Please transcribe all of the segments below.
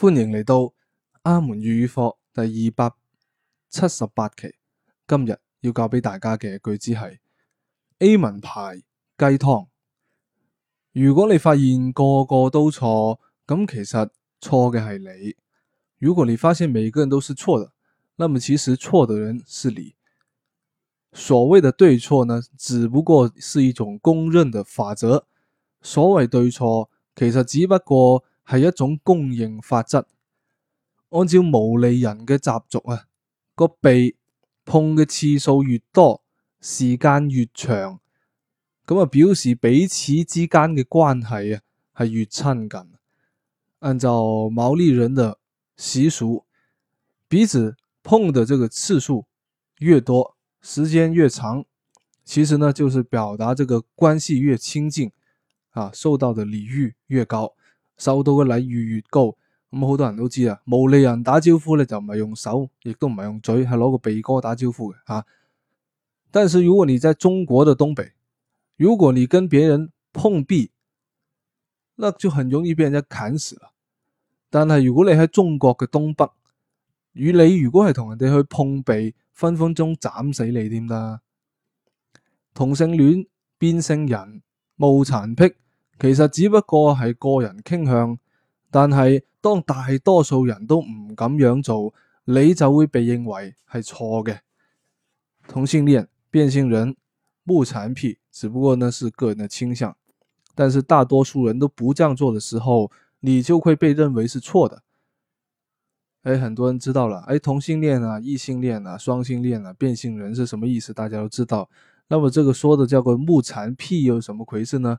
歡迎嚟到阿門粵語課第二百七十八期。今日要教俾大家嘅句子係：Amen 牌雞湯。如果你發現個個都錯，咁其實錯嘅係你。如果你發現每個人都是錯的，那麼其實錯的人是你。所謂的對錯呢，只不過是一種公認的法則。所謂對錯，其實只不過係一種公認法則，按照毛利人嘅習俗啊，個鼻碰嘅次數越多，時間越長，咁啊表示彼此之間嘅關係啊係越親近。按照毛利人的習俗，啊、俗，彼此碰的這個次數越多，時間越長，其實呢就是表達這個關係越親近，啊受到的禮遇越高。受到嘅禮遇越高，咁好多人都知啊，毛利人打招呼咧就唔係用手，亦都唔係用嘴，係攞個鼻哥打招呼嘅吓、啊。但是如果你在中國嘅東北，如果你跟別人碰鼻，那就很容易被人家砍死了。但係如果你喺中國嘅東北，如果你如果係同人哋去碰鼻，分分鐘斬死你添啦。同性戀變性人慕殘癖。其實只不過係個人傾向，但係當大多數人都唔咁樣做，你就會被認為係錯嘅。同性戀、變性人、木殘癖，只不過呢是個人嘅傾向，但是大多數人都不這樣做嘅時候，你就會被認為係錯的。誒、哎，很多人知道了，誒、哎，同性戀啊、異性戀啊，雙性戀啊、雙性戀啊、變性人是什麼意思？大家都知道。那麼這個說的叫做木殘癖，又是什麼回事呢？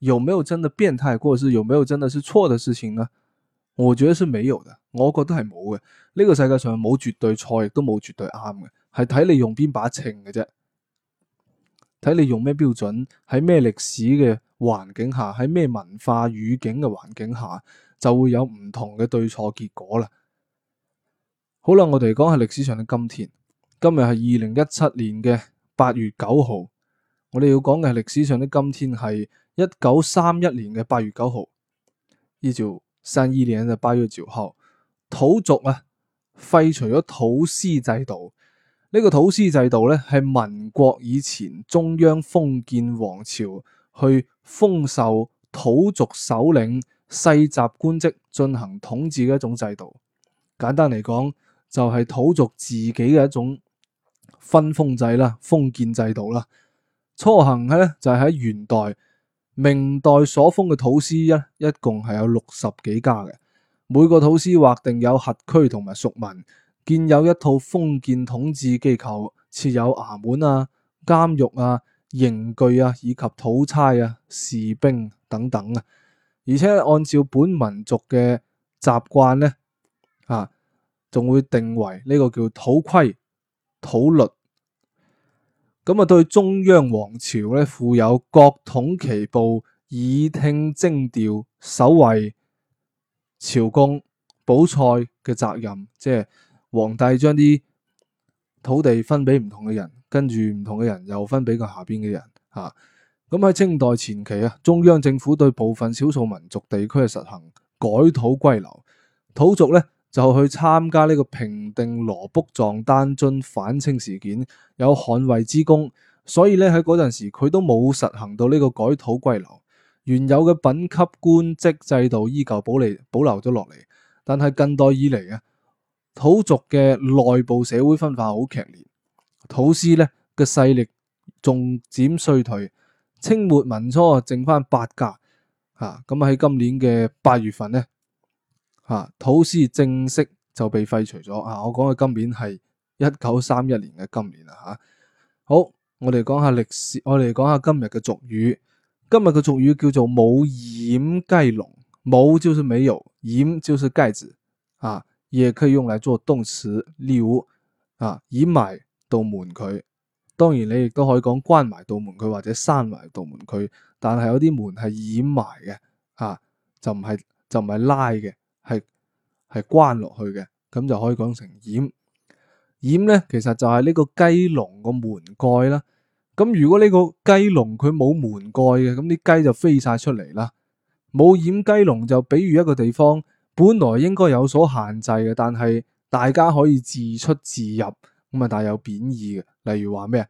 有沒有真的變態，或者是有沒有真的是錯的事情呢？我覺得是沒有的，我覺得係冇嘅。呢個世界上冇絕對錯，亦都冇絕對啱嘅，係睇你用邊把秤嘅啫，睇你用咩標準，喺咩歷史嘅環境下，喺咩文化語境嘅環境下，就會有唔同嘅對錯結果啦。好啦，我哋嚟講係歷史上嘅今天，今日係二零一七年嘅八月九號。我哋要講嘅係歷史上嘅今天，係一九三一年嘅八月九號，依照三二年嘅八月九號，土族啊廢除咗土司制度。呢個土司制度咧，係民國以前中央封建王朝去封授土族首領、世襲官職、進行統治嘅一種制度。簡單嚟講，就係土族自己嘅一種分封制啦，封建制度啦。初行咧就係喺元代、明代所封嘅土司咧，一共係有六十幾家嘅。每個土司劃定有轄區同埋屬民，建有一套封建統治機構，設有衙門啊、監獄啊、刑具啊，啊，以及土差啊、士兵等等啊，而且按照本民族嘅習慣咧，啊，仲會定為呢個叫土規、土律。咁啊，對中央皇朝咧負有各統其部、以聽徵調、守衛朝貢、保塞嘅責任，即係皇帝將啲土地分俾唔同嘅人，跟住唔同嘅人又分俾個下邊嘅人嚇。咁、啊、喺清代前期啊，中央政府對部分少數民族地區係實行改土歸流，土族咧。就去參加呢個平定羅卜藏丹津反清事件，有捍衛之功，所以咧喺嗰陣時佢都冇實行到呢個改土歸流，原有嘅品級官職制度依舊保保留咗落嚟。但係近代以嚟啊，土族嘅內部社會分化好強烈，土司咧嘅勢力仲漸衰退。清末民初剩啊，剩翻八家，吓咁喺今年嘅八月份咧。吓、啊，土司正式就被廢除咗啊！我講嘅今年係一九三一年嘅今年啦，吓、啊、好，我哋講下歷史，我哋講下今日嘅俗語。今日嘅俗語叫做冇掩雞籠，冇就是沒有，掩就是蓋子啊，亦可以用嚟做動詞，例如啊掩埋道門佢，當然你亦都可以講關埋道門佢或者閂埋道門佢，但係有啲門係掩埋嘅啊，就唔係就唔係拉嘅。係係關落去嘅，咁就可以講成掩掩呢。其實就係呢個雞籠個門蓋啦。咁如果呢個雞籠佢冇門蓋嘅，咁啲雞就飛晒出嚟啦。冇掩雞籠就，比如一個地方本來應該有所限制嘅，但係大家可以自出自入，咁啊大有貶義嘅。例如話咩？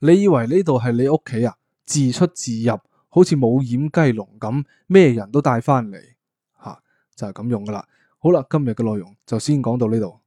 你以為呢度係你屋企啊？自出自入，好似冇掩雞籠咁，咩人都帶翻嚟。就係咁用噶啦。好啦，今日嘅內容就先講到呢度。